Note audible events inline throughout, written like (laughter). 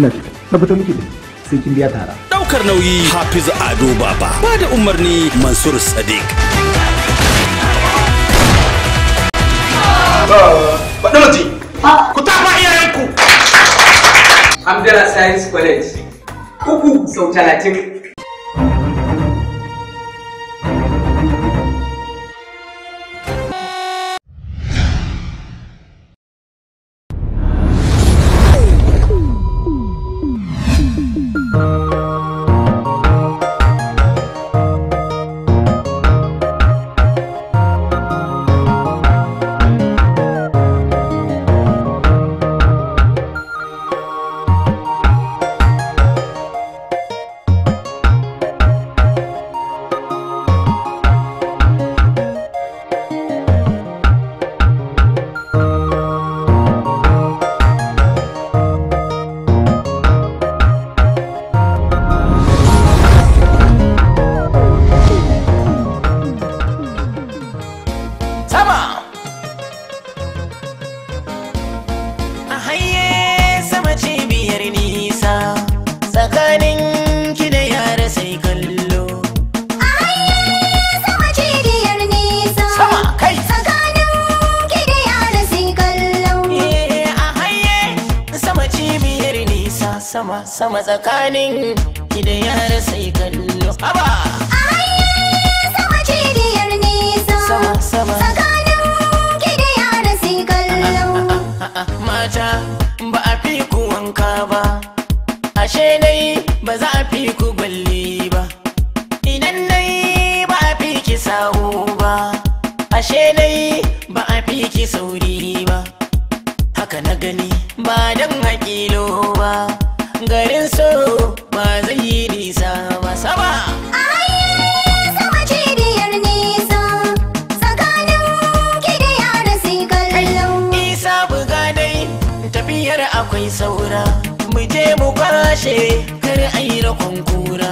na tafi tabbatar miki da sai kin biya tara daukar nauyi hafiz ado baba ba da umarni mansur sadiq ah, baɗi ji ku tafa iyayenku amdala science college uku sau talatin sama sama tsakanin ki da yara sai kallo haba a hanyar sama cibiyar nisa tsakanin ki da yara sai kallo mata ba a fi ku wanka ba ashe dai ba za a fi ku gwalli ba idan dai ba a fi ki sawo ba ashe dai ba a fi ki sauri ba haka na gani ba don hakilo tashe kar ayi rakon kura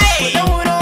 Ay.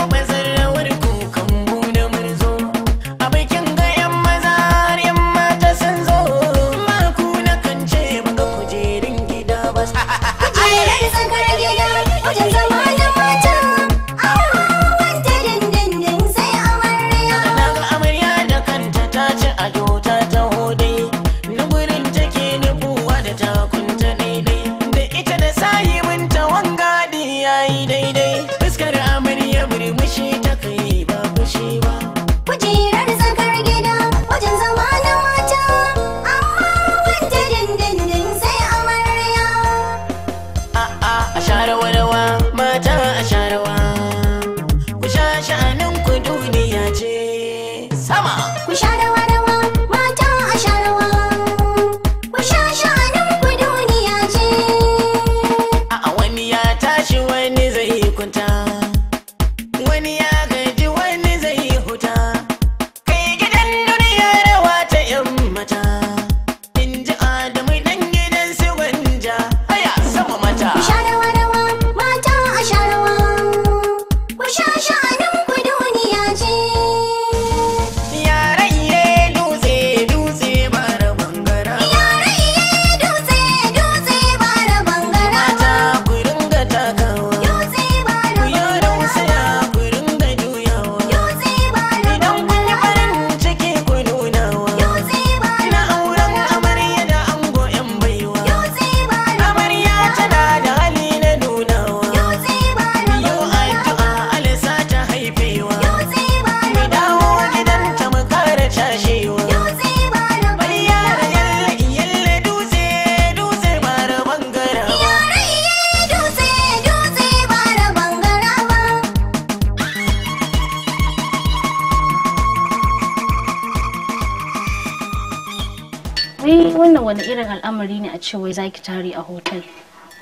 ce wai zaki tare a hotel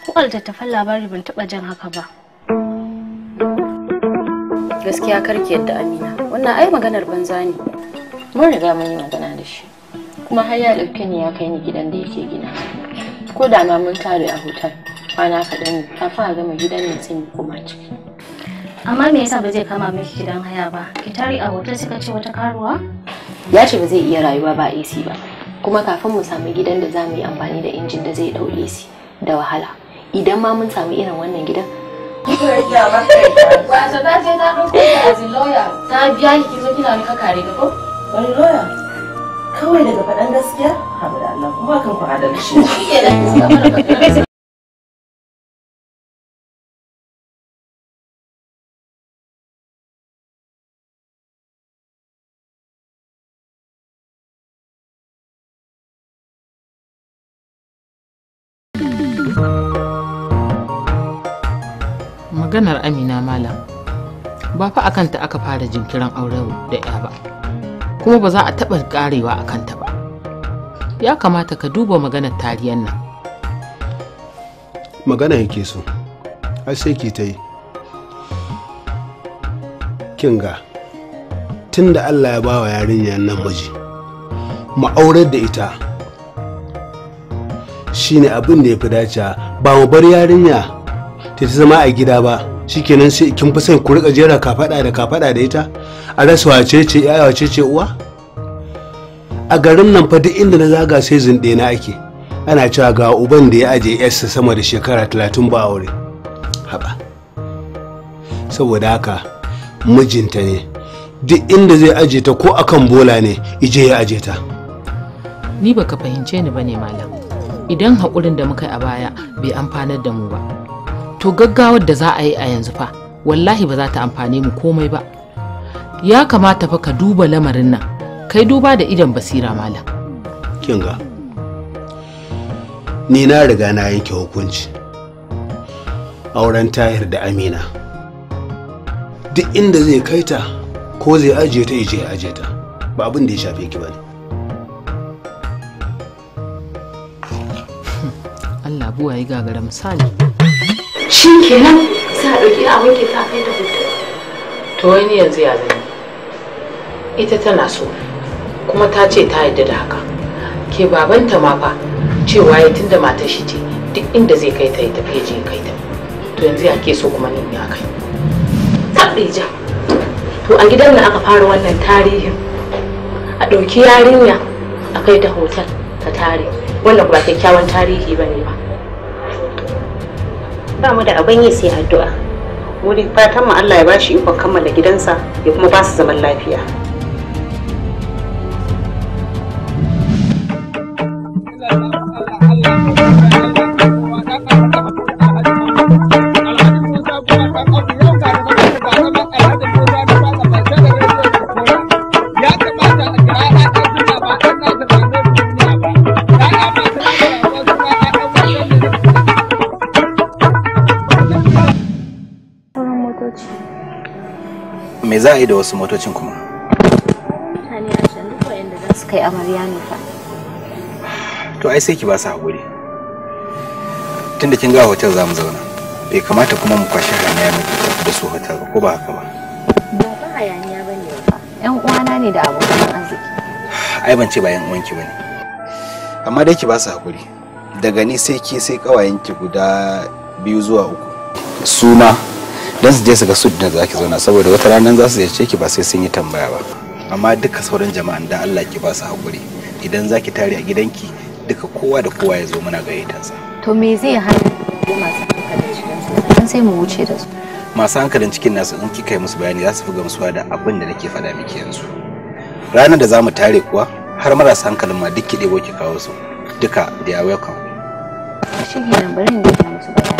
ko littattafan labari ban taba jan haka ba gaskiya karki yadda amina wannan ai maganar banza ne mun riga mun yi magana da shi kuma har ya dauke ni ya kai ni gidan da yake gina ko da ma mun tare a hotel kwana kaɗan ne kafin a gama gidan ne sai mu koma ciki amma me yasa ba zai kama miki gidan haya ba ki tare a hotel suka ce wata karuwa ya ce ba zai iya rayuwa ba AC ba kuma kafin mu samu gidan da za mu yi amfani da injin da zai ɗau AC da wahala idan ma mun samu irin wannan gidan ta ta ta biya ki kina kare ka ko? Wani Kawai daga faɗan gaskiya? da Allah, kuma kan ku da Shi maganar amina malam ba fa akan ta aka fara jinkirin aure da ya ba kuma ba za a taba ƙarewa a kanta ba ya kamata ka duba maganar tariyar nan magana yake so ai sai ki ta kinga tun da allah ya ba wa yarinyar nan miji ma'aurar da ita shine abin da ya fi dace ba mu bar yarinya ta zama a gida ba shikenan sai kin fi son ku rika jera kafada da kafada da ita a rasa wace ce yaya a cece uwa a garin nan fa duk inda na zaga sai zinde na ake ana cewa ga uban da ya aje yarsa sama da shekara talatin ba aure haba saboda haka mijinta ne duk inda zai aje ta ko akan bola ne ije ya aje ta ni baka fahimce ni bane malam idan haƙurin da muka yi a baya bai amfanar da mu ba to gaggawar da za a yi a yanzu fa wallahi ba za ta amfane mu komai ba ya kamata fa ka duba lamarin nan kai duba da idan basira malam Kin ga? ni na riga na yanke hukunci auren tahir da amina duk inda zai kai ta ko zai ajiye ta ya ajiye ta ba abin da ya shafe ki bane (laughs) Allah buwa ya gagara misali shi kenan za a ɗauki a wanke ta kai da hotel to wani yanzu ya zai ita tana so kuma ta ce ta yadda da haka ke babanta ma fa cewa ya tunda matar shi ce duk inda zai kai ta ya tafi je kai ta to yanzu ya ke so kuma ni ya kai ja, to a gidan nan aka fara wannan tarihin a ɗauki yarinya a kai ta hotel ta tare wannan ba kyakkyawan tarihi ba ne ba ba mu da abin yi sai addu'a. Muri fatan mu Allah ya bashi ikon kammala gidansa ya kuma ba su zaman lafiya. za a yi da wasu motocin kuma mutane a duk wayanda za su kai amarya ne fa to ai sai ki ba su haƙuri tunda kin ga hotel za mu zauna bai kamata kuma mu kwashi hayaniya mu tafi da su hotel ba ko ba haka ba ba ba hayaniya ba ne ba yan uwana ne da abokan arziki ai ban ce ba yan uwanki ba ne amma dai ki ba su haƙuri daga ni sai ke sai ƙawayenki guda biyu zuwa uku suna don su je su ga su da za ki zauna saboda wata rana za su ziyarce ki ba sai sun yi tambaya ba amma duka sauran jama'an da Allah ki ba su haƙuri idan za ki tare a gidanki duka kowa da kowa ya zo muna gayyatansa. to me zai hana masu hankalin cikin su dan sai mu wuce da su masu hankalin cikin nasu in kika yi musu bayani za su fi gamsuwa da abin da nake faɗa miki yanzu ranar da za mu tare kuwa har marasa hankalin ma duk ki ɗebo ki kawo su duka they are welcome. shi ne bari in gaya musu bayani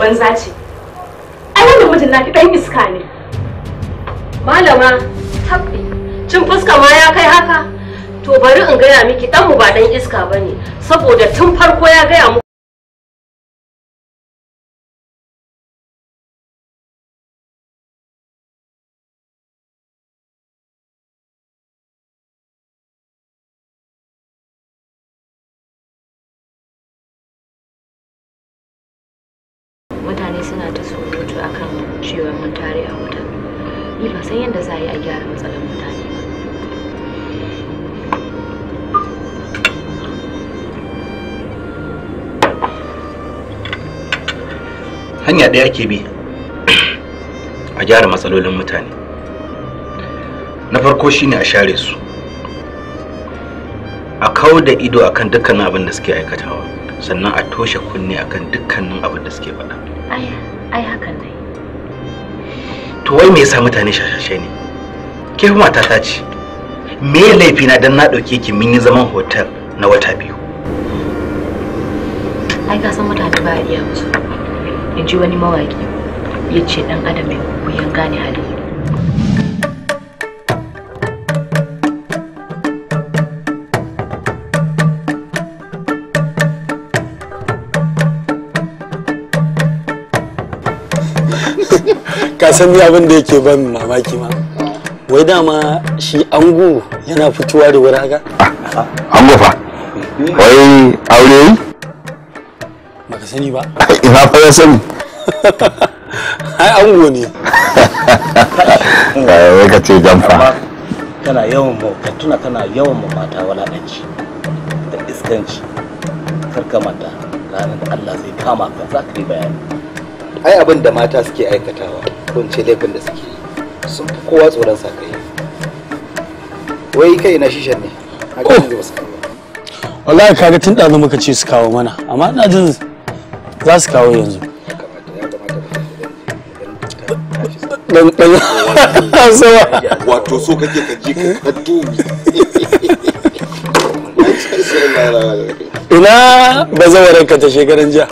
banza ce ai wannan mijin iska ne malama haɓɓi cin fuska ma ya kai haka to bari in gaya miki ɗanmu ba ɗan iska ba ne saboda tun farko ya gaya muku mutane suna ta surutu a kan cewa mun tare a wuta ni ba san yadda za a yi a gyara matsalar mutane ba hanya ɗaya ke bi a gyara matsalolin mutane na farko shine a share su a kawo da ido akan dukkanin abin da suke aikatawa sannan a toshe kunne akan dukkanin abin da suke faɗa ai hakan ne to wai me yasa mutane shashashe ne ke kuma ta ce me ya laifi na dan na ɗauke ki mun yi zaman hotel na wata biyu ai ka san mutane ba iya musu in ji wani mawaƙi ya ce dan adam mai wuyan gane hali ka san ni abin da yake ban mamaki ma wai dama shi ango yana fitowa da wuri haka ango fa wai aure baka sani ba (laughs) ina fa ya sani (laughs) ai ango ne (laughs) wai ka ce jamfa tana yawan mu ka tuna tana yawan mu mata walaɗanci da iskanci kar ka ranar da Allah zai kama ka za ka yi bayani ai abin da mata suke aikatawa ko ce laifin da suke yi sun fi kowa tsoron sa kai wai kai na shishan ne a kan ba su kawo wallahi kaga tun ɗazu muka ce su kawo mana amma ina jin za su kawo yanzu wato so kake ka je ka ina bazawaranka ta shekaran jiya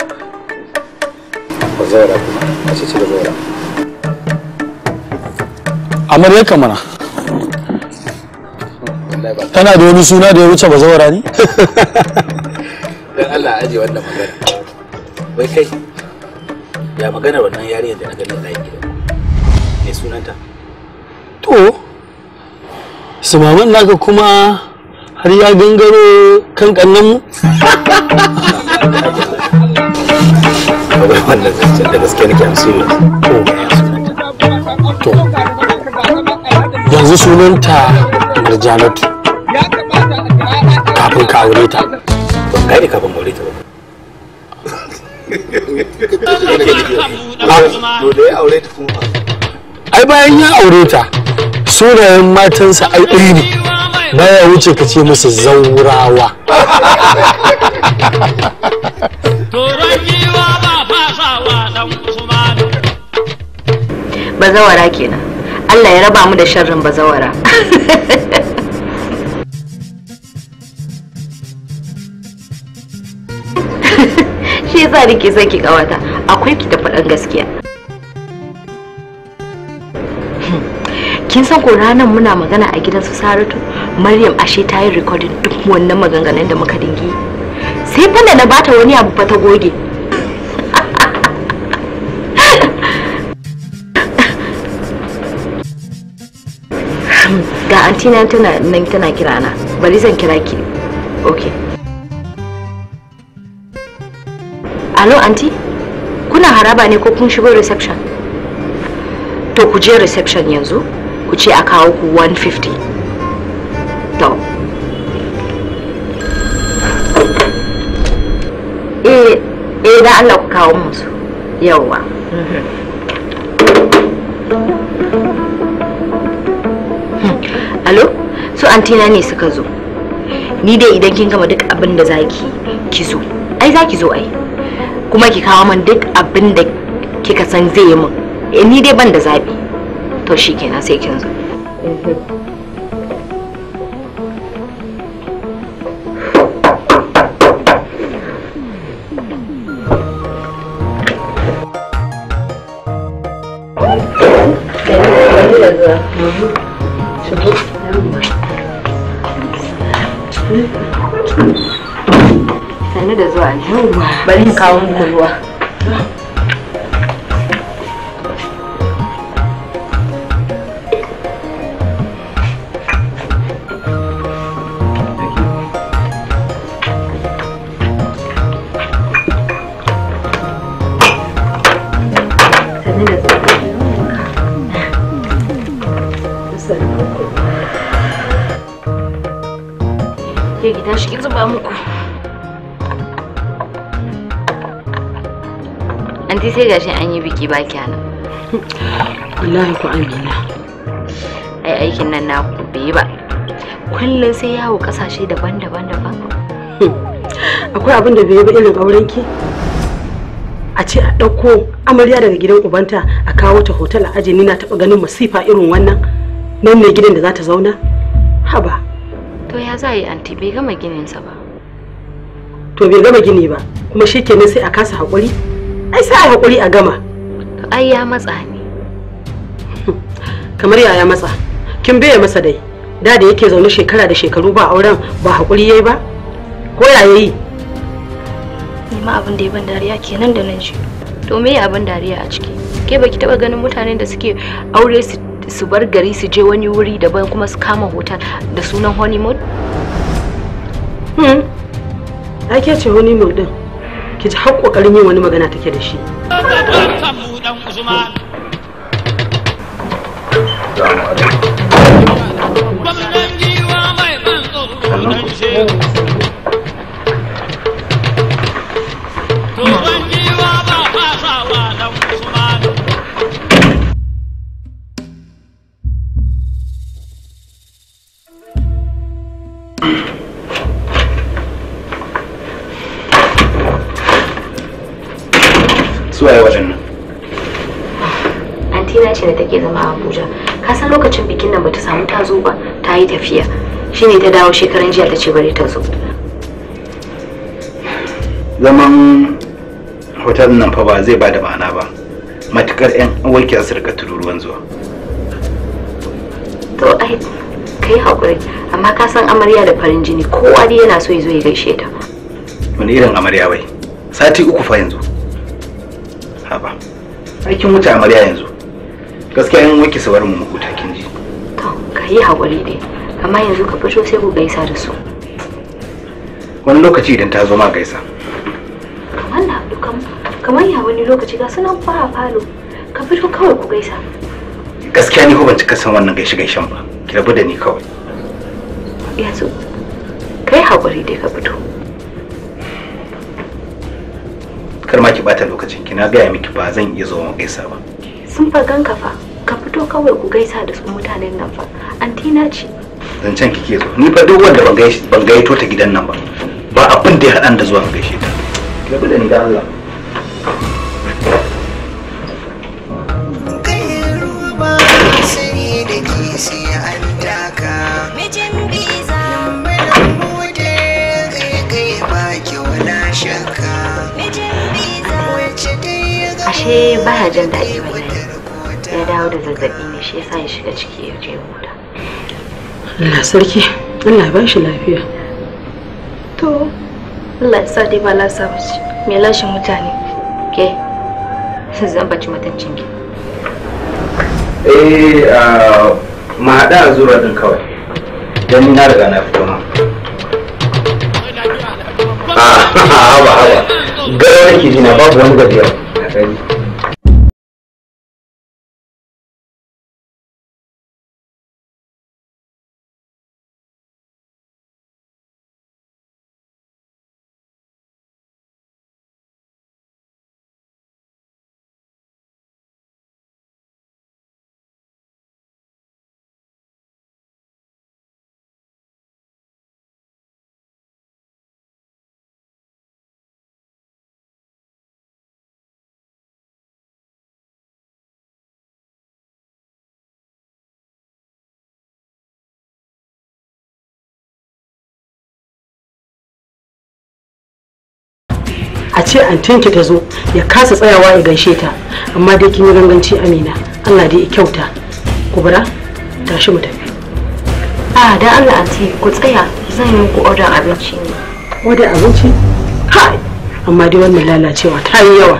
zaura kuma a ce ci da zaura amarya kamana tana da wani suna da ya wuce ba zaura ne dan Allah aje wannan magana wai kai ya magana wannan yariyar da na ganin ɗayan gidan ne sunanta to su maman naka kuma har ya gangaro kan kannan mu (laughs) da wannan zancen da gaske nake to yanzu sunanta murjanatu kafin ka aure ta ban kafin aure ta ba ai bayan ya aure ta sunayen matansa ai ɗaya ne baya wuce ka ce musu zaurawa (laughs) bazawara kenan Allah ya raba mu da sharrin bazawara (laughs) shi yasa nake son ki kawata akwai ki ta faɗan gaskiya hmm. kin san ko ranar muna magana a gidan su Saratu Maryam ashe ta yi recording duk wannan maganganun da muka dingi sai fa na bata wani abu fa ta goge ga antina tana nan tana kira na bari zan kira ki okay alo anti kuna haraba ne ko kun shigo reception to ku je reception yanzu ku ce a kawo ku 150 to eh eh da Allah ku kawo musu yawwa mm -hmm. su antina ne suka zo ni dai idan kin gama duk abin da zaki ki zo ai zaki zo ai kuma ki kawo min duk abin da kika san zai yi min eh, ni dai ban da zabi to shikenan sai kin zo bari mu kawo muku ruwa sai gashi an yi biki ba kenan wallahi ku amina ai aikin nan naku bai yi ba kullum sai yawo kasashe daban-daban daban akwai abin da bai yi ba irin aurenki a ce a ɗauko amarya daga gidan ubanta a kawo ta hotel a ajiye ni na taɓa ganin masifa irin wannan nan ne gidan da za ta zauna haba to ya za a yi anti bai gama sa ba to bai gama gini ba kuma shi kenan sai a kasa haƙuri ai sai a hakuri a gama to ai ya matsa ne (laughs) kamar yaya matsa kin bai masa dai da da yake zaune shekara da shekaru ba auren ba hakuri yayi ba ko ya yayi ma abin da ya ban dariya kenan da nan shi to me ya abin dariya a ciki ke baki taba ganin mutanen da suke aure su bar gari su je wani wuri daban kuma su kama hotel da sunan honeymoon hmm ake ce honeymoon din ki ji har kokarin yin wani magana take da shi Thank you. (coughs) suwaye waɗannan na ce da take zama a abuja ka san lokacin bikin nan bata samu ta zo ba ta yi tafiya shine ta dawo shekaran jiya ta ce bari ta zo zaman hotel nan fa ba zai ba da ma'ana ba matukar yan uwarki su rika tururuwan zuwa to ai kai haƙuri amma ka san amarya da farin jini kowa dai yana so ya zo ya gaishe ta wani irin amarya bai sati uku fa yanzu haba aikin wuce amarya yanzu gaskiya yin wake su mu huta kin ji to ka yi haƙuri dai amma yanzu ka fito sai ku gaisa da su wani lokaci idan ta zo ma gaisa kamar na kamar ya wani lokaci ga sunan fara falo ka fito kawai ku gaisa gaskiya ni ko ban cika san wannan gaishe gaishen ba ki rabu da ni kawai yanzu kai haƙuri dai ka fito kar ma ki bata lokacin ki na gaya miki ba zan iya zuwa gaisa ba sun fa ganka fa ka fito kawai ku gaisa da su mutanen nan fa antina ce zancen kike zo ni fa duk wanda ban gaito ta gidan nan ba ba abin da ya haɗan da zuwa gaishe ta ya bude ni da Allah ba baya jin daɗi wannan ya dawo da zazzabi ne shi yasa ya shiga ciki ya je huta Allah sarki Allah ba shi lafiya to Allah ya sa dai ba lasa ba ce me lashin mutane ke zan baci mutuncin ki eh ma haɗa zuwa din kawai don ni na riga na fito ma a ah, (laughs) haba haba gara nake jina babu wani gajiya baby. ce tinki ta zo ya kasa tsayawa ya gaishe ta amma dai kin yi ganganci amina allah dai ya kyauta kubura tashi mu tafi a da allah anti ku tsaya zan yi ku order abinci ne abinci ha amma dai wannan lalacewa ta yi yawa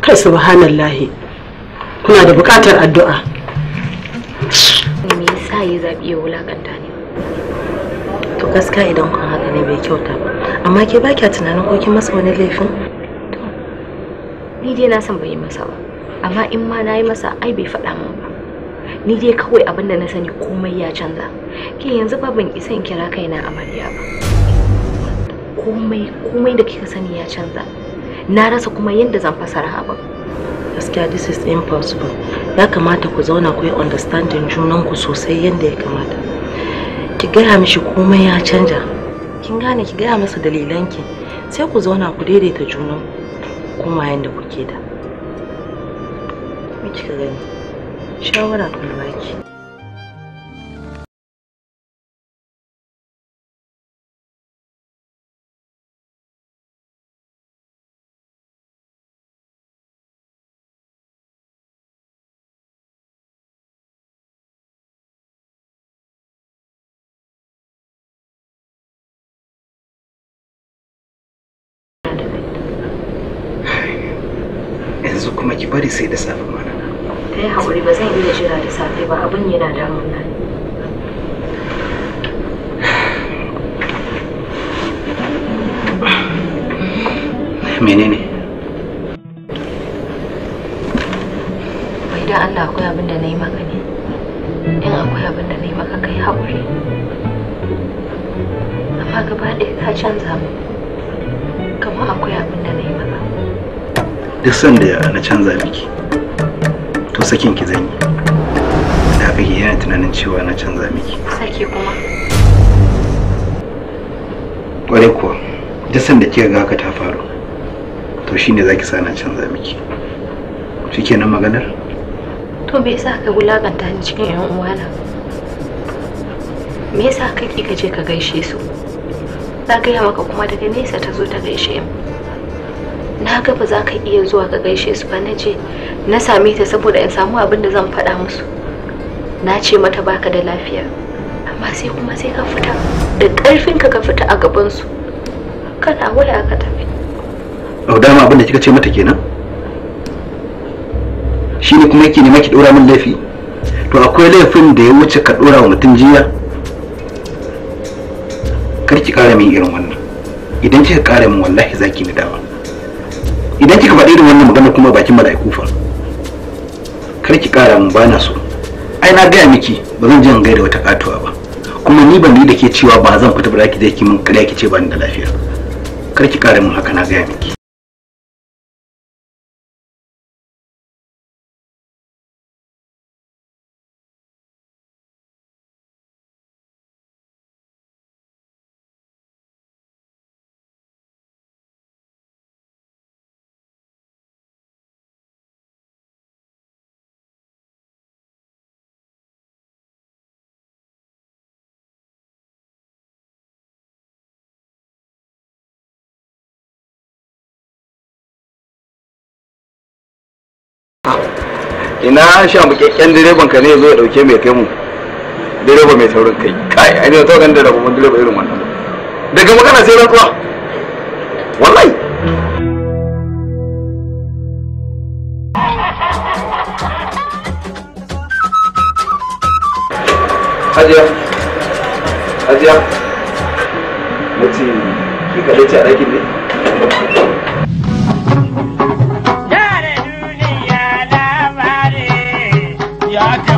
kai subhanallahi kuna da buƙatar addu'a me yasa ya zabi ya wulakanta ne to gaskiya idan kun haka ne bai kyauta ba amma ke ba kya tunanin ko kin masa wani laifin ni dai na san bai masa ba amma in ma na yi masa ai bai faɗa min ba ni dai kawai abin da na sani komai ya canza ke yanzu ba ban isa in kira kaina amarya ba komai komai da kika sani ya canza na rasa kuma yadda zan fasara abin gaskiya this is impossible ya kamata ku zauna ku yi understanding ku sosai yadda ya kamata ki gaya mishi komai ya canja kin gane ki gaya masa dalilanki sai ku zauna ku daidaita junan kuma yanda kuke da me kika gani shawara kan baki bari sai da safe mana ta yi haƙuri ba zan iya jira da safe ba abin yana damuna menene bai da Allah akwai abin da na yi maka ne in akwai abin da na yi maka kai haƙuri amma gaba ɗaya ka canza mu duk sanda na canza miki to sakin ki zan yi da kake yana tunanin cewa na canza miki sake kuma kware kuwa duk sanda kika ga haka ta faru to shine zaki sa na canza miki shikenan maganar to me yasa ka bulaganta ni cikin yan uwana me yasa kake ka je ka gaishe su Za ka yi maka kuma daga nesa ta zo ta gaishe mu na ga ba za ka iya zuwa ka gaishe su ba na je na same ta saboda in samu abin da zan faɗa musu na ce mata baka da lafiya amma sai kuma sai ka fita da ƙarfin ka ka fita a gaban su kana waya ka tafi au dama abin da kika ce mata kenan shi ne kuma yake nema ki dora min laifi to akwai laifin da ya wuce ka dora wa mutum jiya kar ki kara min irin wannan idan kika kara min wallahi zaki ni dama idan kika faɗi da wannan magana kuma bakin mala'iku fa kar ki ƙara mun bana so ai na gaya miki ba zan jin gaida wata katuwa ba kuma ni ban yi da ke cewa ba zan fita ba za ki je ki mun kare ki ce ba ni da lafiya kar ki ƙara mun haka na gaya miki ina sha mukakken direban ka ne zo ya dauke mai kai mu direba mai saurin kai kai ai ne to kan direba mun direba irin wannan daga magana sai kuwa wallahi Hajiya, Hajiya, mutum ki kaɗai ci a ɗakin ne?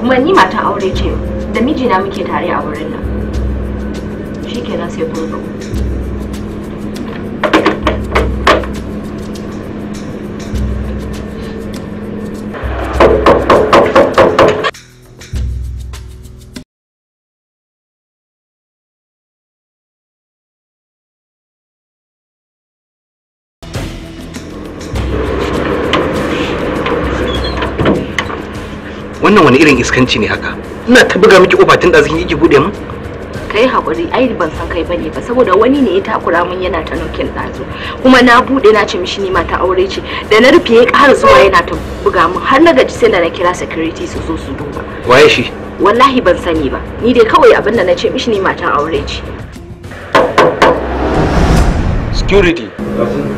kuma ni matan aure ce da mijina muke tare a wurin nan shikenan sai kun zo wannan wani irin iskanci ne haka ina ta buga miki kofa tun da yi yake bude mun kai hakuri ai ban san kai bane ba saboda wani ne ya takura mun yana ta nukin ɗazu kuma na buɗe na ce mishi ni ta aure ce da na rufe ya ƙara zuwa yana ta buga mun har na gaji sai da na kira security su zo su duba waye shi wallahi ban sani ba ni dai kawai abin da na ce mishi ni ta aure ce security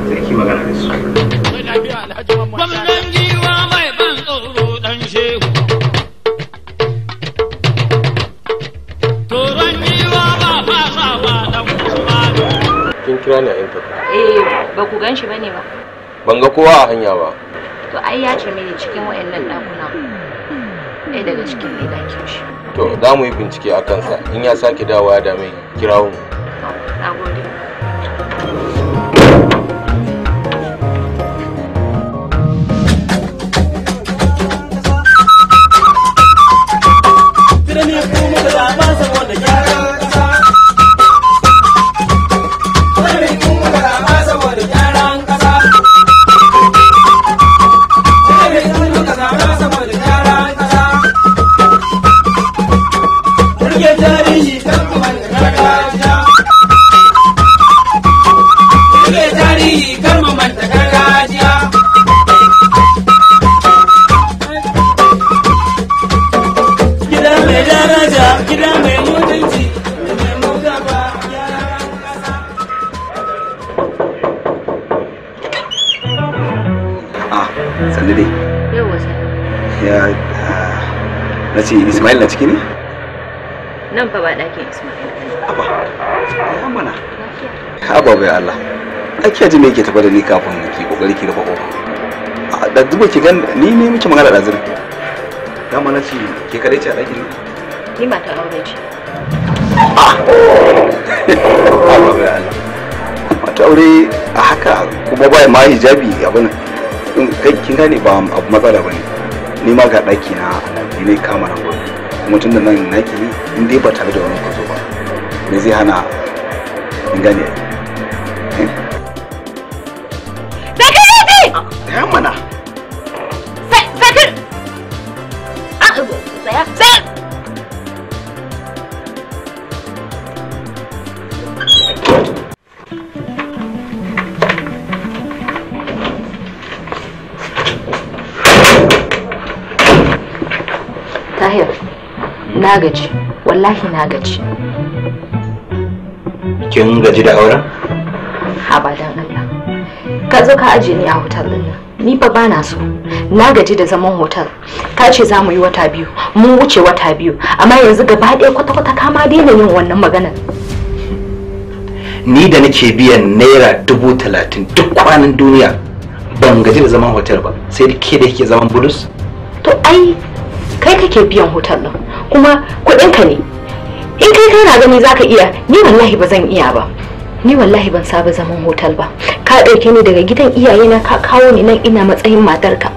sarki magana da su kira ni a intanet eh ba ku gan shi bane ba ban ga kowa a hanya ba to ai ya ce mini cikin wayannan dakuna Eh daga cikin ne dakin shi to za mu yi bincike a kansa in ya sake dawowa da mai kirawo mu na gode Tiene mi fumo de la masa na ce ismail na ciki ne nan fa ba ɗakin ismail aba ya mana aba bai allah ake ji me yake tafa da ni kafin ki kokari ki rufe kofa da duba ki gan ni ne miki magana da zuri dama na ce ke kare ce a ɗakin ne ni mata aure ce ah! mata aure a haka kuma ba ma hijabi abin kin gane ba abu matsala ba ne ni ma ga ɗaki na ne kama rago kuma tun da nan naki ne in dai ba tare da wani kwazo ba me zai hana in gane gaji wallahi na gaji kin gaji da auren abadan Allah ka zo ka aje ni a hotel din nan ni fa bana so na gaji da zaman hotel ka ce za mu yi wata biyu mun wuce wata biyu amma yanzu gaba ɗaya kwata-kwata kama daina yin wannan maganar ni da nake biyan naira dubu talatin duk kwanan duniya ban gaji da zaman hotel ba sai da ke da yake zaman bulus to ai kai kake biyan hotel din kuma kuɗinka ne in kai kana gani zaka iya ni wallahi ba zan iya ba ni wallahi ban saba zaman hotel ba ka ɗauke ni daga gidan iyaye na ka kawo ni nan ina matsayin matarka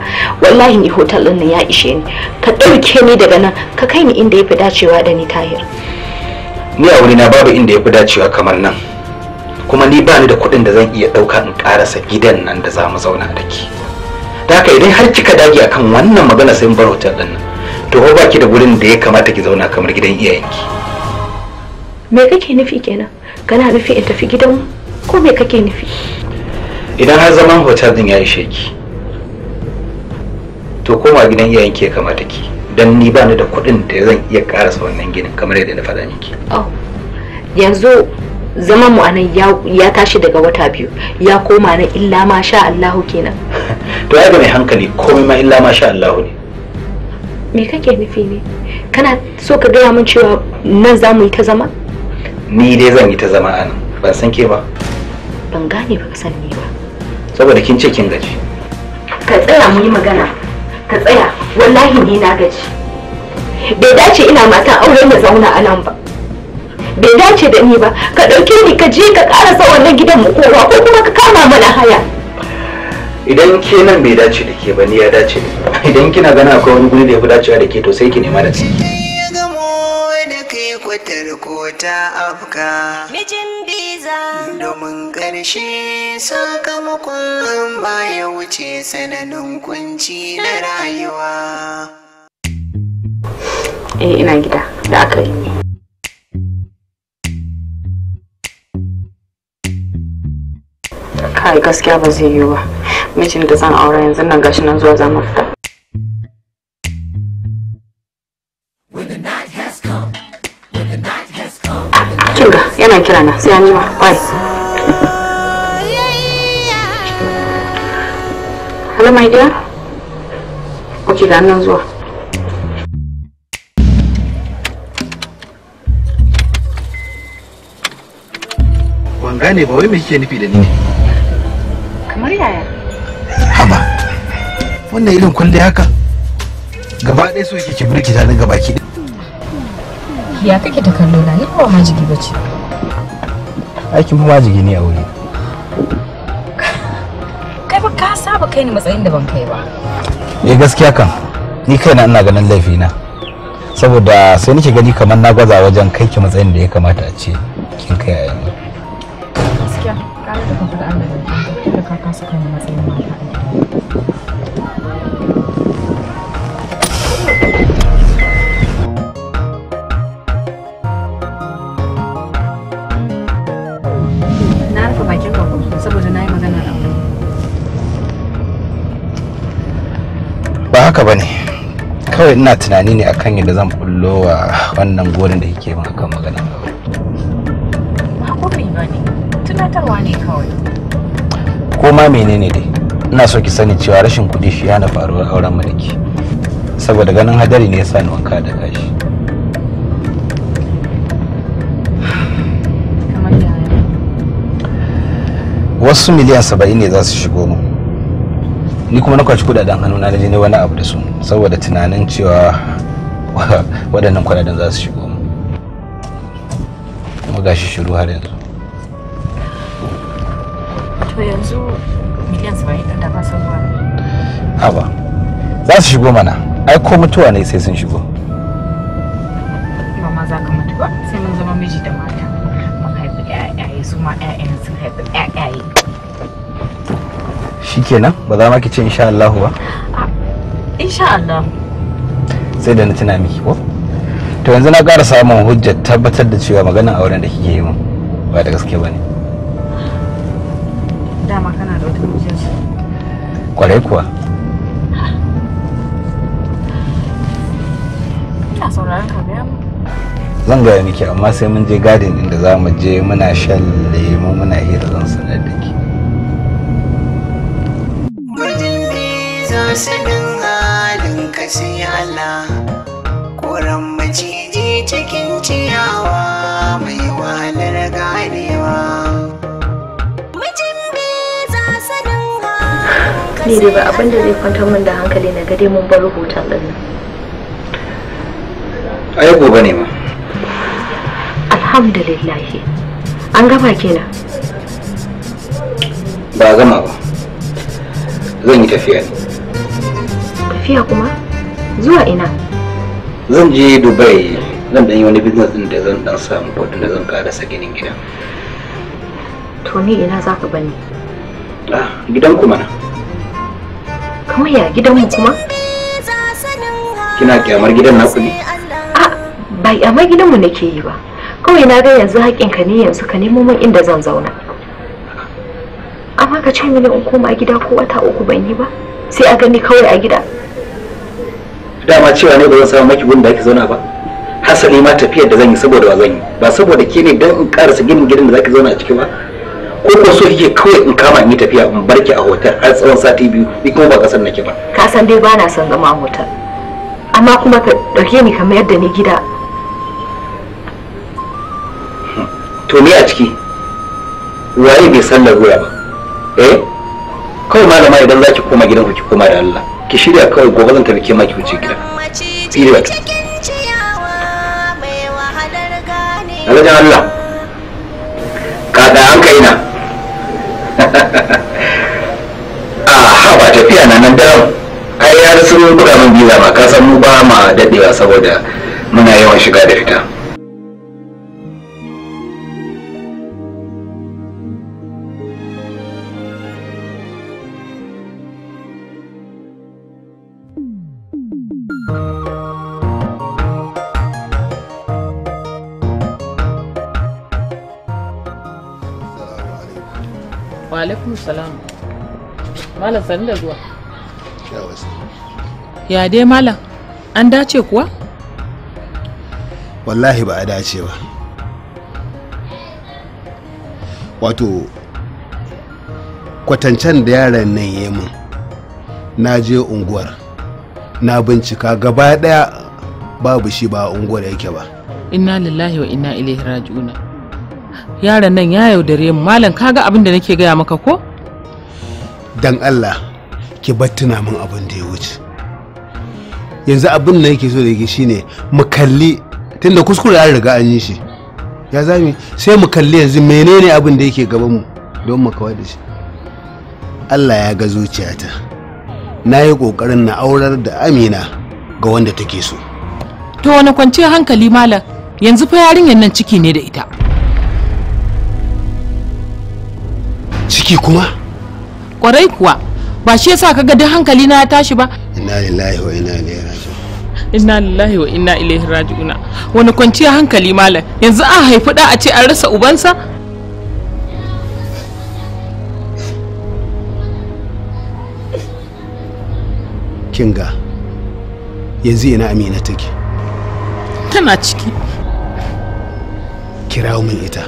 wallahi ni hotel ɗin nan ya ishe ni ka ɗauke ni daga nan ka kai ni inda yafi dacewa da ni tahir ni a wurina babu inda ya fi dacewa kamar nan kuma ni bani da kuɗin da zan iya ɗauka in ƙarasa gidan nan da za mu zauna da ke da haka idan har kika dage akan wannan magana sai bar hotel ɗin nan to ba baki da gurin da ya kamata ki zauna kamar gidan iyayenki me kake nufi kenan kana nufi in tafi gidan ko me kake nufi idan har zaman hotel din ya ishe ki to koma gidan iyayenki ya kamata ki dan ni ba ni da kuɗin da zan iya karasa wannan ginin kamar yadda na faɗa miki oh, yanzu zaman mu anan ya tashi daga wata biyu ya koma na illa ma sha Allahu kenan (laughs) to ai ga mai hankali komai ma illa ma sha Allahu ne me kake nufi ne kana so ka gaya min cewa nan za mu yi ta zama ni dai zan yi ta zama a nan ban san ke ba ban gane ba ka san ni ba saboda kin ce kin gaji ka tsaya mu yi magana ka tsaya wallahi ni na gaji bai dace ina matan aure na zauna a nan ba bai dace da ni ba ka ɗauke ni ka je ka ƙarasa wannan gidan mu kowa ko kuma ka kama mana haya idan kenan bai dace da ke ba ya dace da idan kina gana akwai wani guri da ya fi dacewa da ke to sai ki nema da ciki kwatar kota afka mijin biza domin ƙarshe sakamakon baya wuce sananin kunci na rayuwa eh ina gida da aka yi wallahi gaskiya ba zai yi ba mijin da zan aure yanzu nan gashi nan zuwa za fita ah, kinga yana kira na sai an jima bye hello my dear okay ga nan zuwa ban gane ba wai me kike nufi da ni ne kamar yaya haba wannan irin kwalle haka gaba ɗaya so yake ki birkita nan gaba ki ya kake ta kallo na ni ba majigi bace aikin ba majigi ne a wuri kai ba ka saba kai ni matsayin da ban kai ba eh gaskiya kan ni kaina ina ganin laifina, saboda sai nake gani kamar na gwaza wajen kai ki matsayin da ya kamata a ce kin kai a yanzu haka ba ne kawai ina tunani ne akan yadda zan bullo wa wannan gorin da yake min akan magana hakuri ba ne tunatarwa ne kawai ko ma menene dai ina so ki sani cewa rashin kuɗi shi yana faruwar auren mulki saboda ganin hadari ne ya ni wanka da kashi wasu miliyan saba'in ne za su shigo mu ni kuma na kwaci kudaden hannu na je ne wani abu da su saboda tunanin cewa (laughs) waɗannan kwanadin za su shigo mu shi shiru har yanzu to yanzu miliyan 70 da ba su ruwa ba za su shigo mana ai ko mutuwa ne sai sun shigo mama za ka mutu ba sai mun zama miji da mata mun haifi ƴaƴaye su ma ƴaƴan sun haifi ƴaƴaye shikenan ba za ma ki ce insha Allah ba insha Allah sai da na tuna miki ko to yanzu na ƙara samun hujjar tabbatar da cewa maganar auren da kike yi min ba da gaske bane dama kana da wata hujjar kwarai kuwa ina sauraron ka biya zan gaya miki amma sai mun je gadin inda za mu je muna shan lemu muna hira zan sanar da ki sanin halin ka Allah Kuran maciji cikin ciyawa mai wahalar ganewa ni dai ba da zai kwantar min da hankali na gade mun bar din nan ai gobe ne ma alhamdulillah an kenan ba gama ba zan yi tafiya ne tafiya kuma zuwa ina zan je dubai zan ɗan yi wani business din da zan dan samu kudin da zan sa ginin gidan to ni ina za ka bani ah gidan kuma na kamar ya gidan mu kuma kina kyamar gidan naku ne a ba kyamar gidan mu nake yi ba kawai na ga yanzu haƙin ka ne yanzu ka nemo min inda zan zauna amma ka ce mini in koma gida ko wata uku ban yi ba sai a gani kawai a gida dama cewa ne ba zan samu maki gunda da ake zauna ba hasali ma tafiyar da zan yi saboda wa zan yi ba saboda ke ne don in karasa ginin gidan da zaki zauna a ciki ba ko ko so yake kawai in kama in yi tafiya in barki a hotel har tsawon sati biyu ni kuma ba kasan nake ba ka san dai ba na son zama a hotel amma kuma ka dauke ni kamar yadda ni gida to ni a ciki waye bai san larura ba eh kawai malama idan zaki koma gidan ku ki koma da Allah ki shirya kawai gobe zan tafi ke ma ki wuce gida fili wato alhaji allah kaga an kai na a (laughs) ah, hawa tafiya na nan daram ai ya rasu buga min biza ma kasan mu ba ma dadewa saboda muna yawan shiga da fita malam sani da zuwa ya dai malam an dace kuwa wallahi ba a dace ba wato kwatancen da yaran nan ya min na je unguwar na bincika gaba daya babu shi ba unguwar yake ba inna lillahi wa inna ilaihi raji'una yaran nan ya yaudare mu malam kaga abin da nake gaya maka ko dan Allah ki bar tuna min abin da ya wuce yanzu abin da yake so da yake shine mu kalli tunda kuskure an riga an yi shi ya zami sai mu kalli yanzu menene abin da yake gaban mu don mu kawar da shi Allah ya ga zuciyata na yi kokarin na aurar da amina ga wanda take so to wani kwanciyar hankali malam yanzu fa yarinyar nan ciki ne da ita ciki kuma kwarai kuwa ba shi yasa kaga duk hankali na ya tashi ba inna lillahi wa inna ilaihi raji'un inna lillahi wa inna ilaihi raji'un wani kwanciya hankali malam yanzu an haifi da a ce an rasa ubansa kinga yanzu ina amina take tana ciki kirawo min ita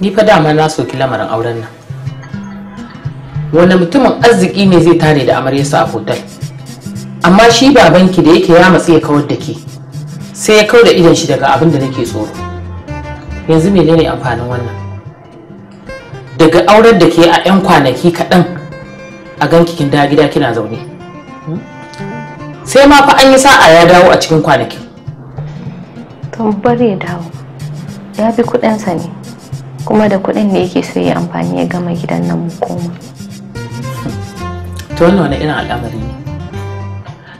ni fa dama na soki lamarin auren nan wani mutumin arziki ne zai tare da amaryarsa a hotel? amma shi babanki da yake ya matsi ya kawar da ke sai ya kawar da idan shi daga abin da nake tsoro yanzu menene amfanin wannan daga auren da ke a 'yan kwanaki kaɗan a ganki kin dawo gida kina zaune sai ma fa an yi sa'a ya dawo a cikin kwanaki. to bari ya dawo ya bi kuɗinsa ne kuma da kuɗin da yake so ya amfani ya gama gidan nan mu koma to wannan wani irin al'amari ne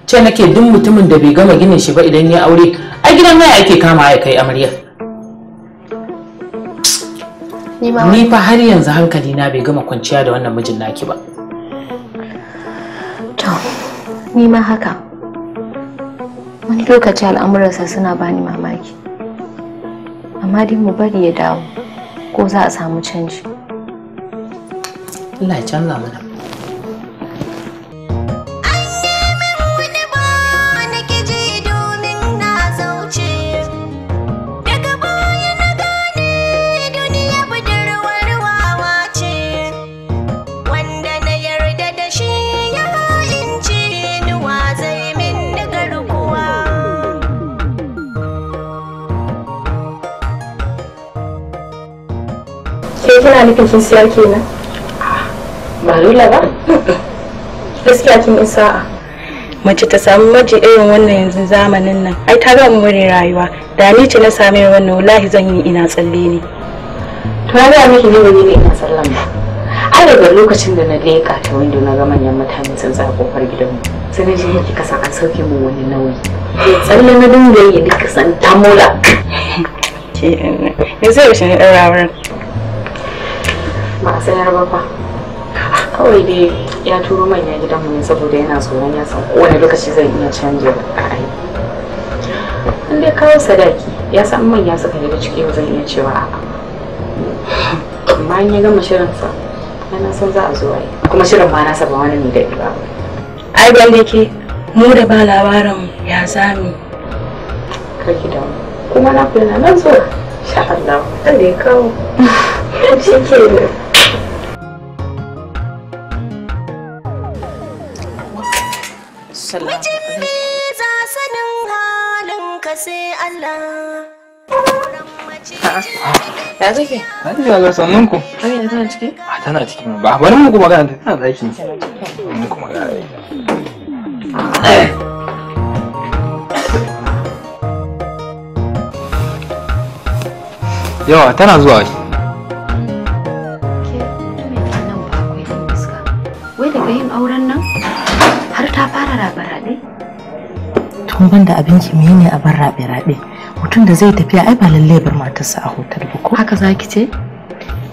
ce nake duk mutumin da bai gama ginin shi ba idan ya aure a gidan haya ake kama ya kai amarya ni fa har yanzu hankali na bai gama kwanciya da wannan mijin naki ba to ni ma haka wani lokaci al'amuransa suna bani mamaki amma dai mu bari ya dawo ko za a samu canji Allah ya canza mana kina nufin kin siyar kenan ba lula ba gaskiya kin isa sa'a mace ta samu maji irin wannan yanzu zamanin nan ai ta ga wani rayuwa da ni ce na same wannan wallahi zan yi ina tsalle ne to ya ga miki ne wani ne ina sallan ba ai daga lokacin da na leka ta windo na ga manyan mutane sun tsaya kofar gidanmu sai na ji yake kasa an sauke mu wani nauyi tsalle na dinga yi duka san damola yanzu eh, eh, yaushe ne ɗaura wurin ba a sanar ba fa kawai dai ya turo manya gidanmu ne saboda yana tsoron ya san wani lokaci zai iya canja ra'ayi in dai kawo sadaki ya san manya suka yi da ciki zan iya cewa a'a amma in ya gama shirinsa yana son za a zo a yi kuma shirin ba nasa ba wani ne da ba ai ban da ke mu da ba labarin ya zami kar ki damu kuma na kula nan zuwa sha Allah kada ya kawo (laughs) shi ke sallallahu alaihi za sanin halin ka sai Allah Ya take? Na ku. tana ciki? A tana ciki ba. Bari mu kuma tana Mu kuma Yawa tana zuwa shi. Wai daga yin auren nan? har ta fara rabe-rabe tun banda abinki menene bar rabe-rabe mutum da zai tafiya ai ba lallai bar matarsa a hotel ba ko haka zaki ce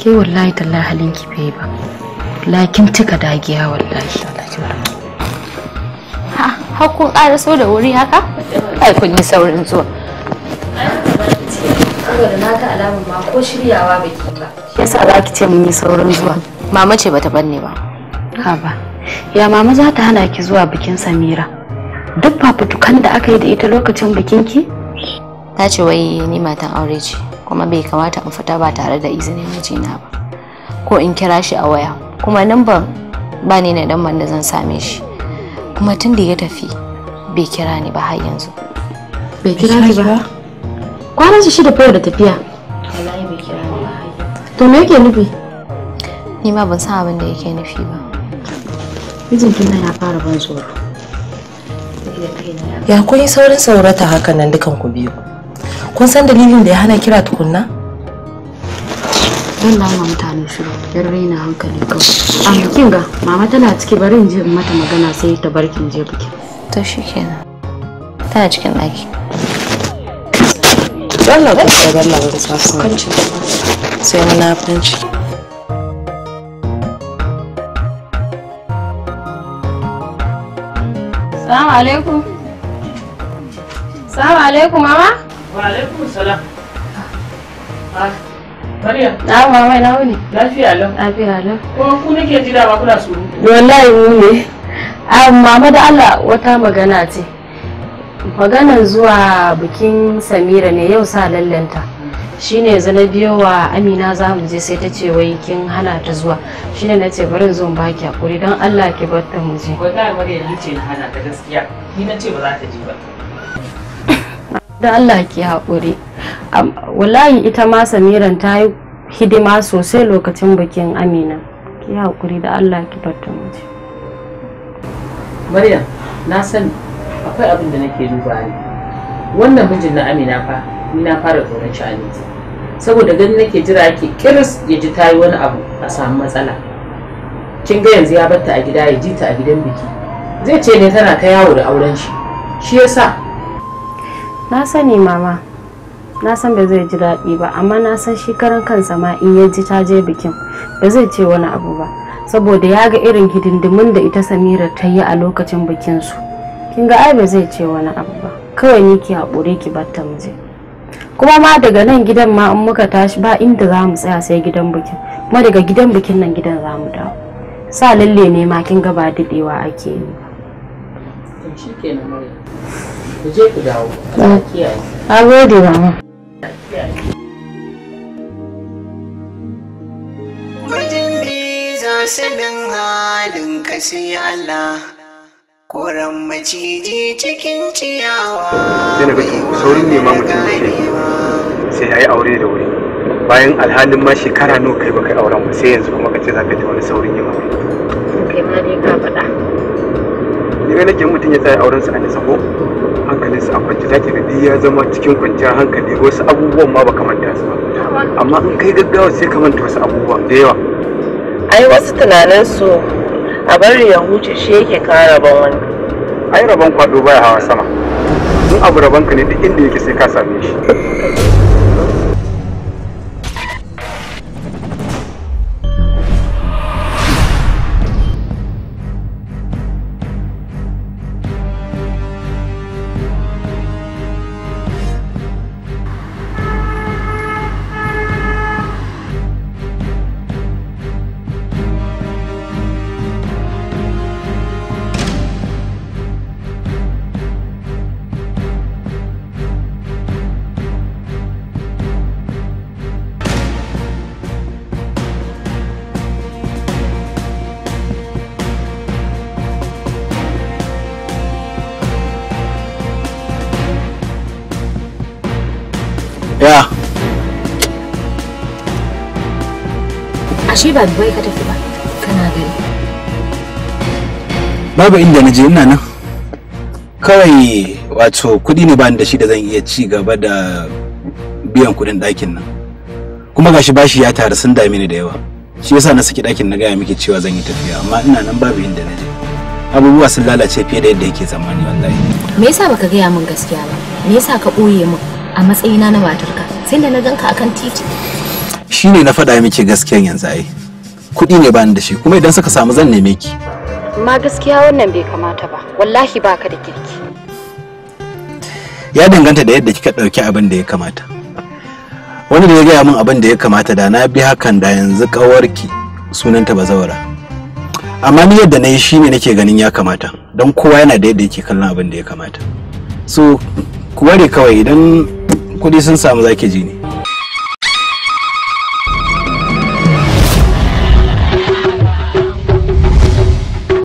ke wallahi tallahi halinki bai ba lakin tuka dagiya wallahi ha kun ƙara so da wuri haka ai kun yi saurin zuwa saboda na ga alamun ma ko shiryawa baki ba yasa ba ki ce mun yi saurin zuwa mama ce bata banne ba ha ba ya mama za ta hana ki zuwa bikin samira duk fafutukan da aka yi da ita lokacin bikinki ta ce wai ni matan aure ce kuma bai kamata in fita ba tare da izinin mijina ba ko in kira shi a waya kuma nan ba ni na dan da zan same shi kuma tun da ya tafi bai kira ni ba har yanzu bai kira ni ba kwana shi da fiye da tafiya wallahi bai kira ni ba to me yake nufi ni ma ban san abin da yake nufi ba mijinkin ya fara ban tsoro ya kun yi saurin saurata hakan nan dukan ku biyu kun san dalilin da ya hana kira tukunna don lama mutane shiru yar raina hankali kawai a bikin ga mama tana ciki bari in je in mata magana sai ta bar kin je bikin to shikenan tana cikin ɗaki Allah ba ta balla ba da sasu sai munafunci Assalamu alaikum. Assalamu alaikum mama. Wa alaikum salam. Ah, Maryam. Na mama na wuni. Lafiya lau. Lafiya lau. Kuma ku nake jira ba kuna su. Wallahi mu ne. Ah, mama da Allah wata magana ce. maganan zuwa bikin Samira ne yau sa lallanta. shine yanzu na biyo wa amina za mu je sai ta ce wai kin hana ta zuwa shine na ce bari zo ba ki hakuri don allah ki bar ta mu je wallahi maryam ni ce hana ta gaskiya ni na ce ba za ta je ba don allah ki hakuri wallahi ita ma samiran ta yi hidima sosai lokacin bikin amina ki hakuri da allah ki bar ta mu je maryam na sani akwai abin da nake duba ne wannan mijin na amina fa na fara tsoron sha'ani saboda ganin nake jira ake kiris ya ji ta yi wani abu a samu matsala kin ga yanzu ya batta a gida ya ji ta a gidan biki zai ce ne tana ta yawo da auren shi shi yasa na sani mama na san ba zai ji daɗi ba amma na san shi karan kansa ma in ya ji ta je bikin ba zai ce wani abu ba saboda ya ga irin hidindimin da ita samira ta yi a lokacin bikinsu kin ga ai ba zai ce wani abu ba kawai ni ki haƙure ki batta mu je kuma ma daga nan gidan ma in muka tashi ba inda za mu tsaya sai gidan bikin kuma daga gidan bikin nan gidan za mu dawo sa lalle ne ma kin ga ba dadewa ake yi shikenan ku je ku dawo a kiyaye a gode ba sanin halin kasi Allah koren maciji cikin ciyawa sai na ga saurin nema mutum da shi sai ya yi aure da wuri bayan alhalin ma shekara nawa kai baka auren ba sai yanzu kuma ka ce za ka ji wani saurin yi maka kai ma dai ka faɗa ni ga nake mutum ya tsaya auren sa a nisa ko hankalin a kwance za zaki ga ya zama cikin kwanciyar hankali wasu abubuwan ma baka manta su ba amma in kai gaggawa sai ka manta wasu abubuwa da yawa ai wasu tunanin su a bari ya huce shi yake kawo rabon wani ai rabon kwado baya hawa sama in abu rabon ka ne duk inda yake sai ka same shi shi ba ka tafi ba babu inda na je ina nan kawai wato kuɗi ne bani da shi da zan iya ci gaba da biyan kuɗin ɗakin nan kuma gashi bashi ya taru sun dame ni da yawa shi yasa na saki ɗakin na gaya miki cewa zan yi tafiya amma ina nan babu inda na je abubuwa sun lalace fiye da yadda yake tsammani wallahi me yasa baka gaya min gaskiya ba me yasa ka ɓoye min a matsayina na matarka sai da na ganka akan titi Shi ne na faɗa miki gaskiyan yanzu ai kuɗi ne bani da shi kuma idan suka samu zan neme ki amma gaskiya wannan bai kamata ba wallahi baka da kirki ya danganta da yadda kika ɗauki abin da ya kamata wani da ya gaya min abin da ya kamata da na bi hakan da yanzu ƙawarki sunanta bazawara amma ni yadda na yi shine nake ganin ya kamata don kowa yana da yadda yake kallon abin da ya kamata so ku ware kawai idan kuɗi sun samu zaki ji ne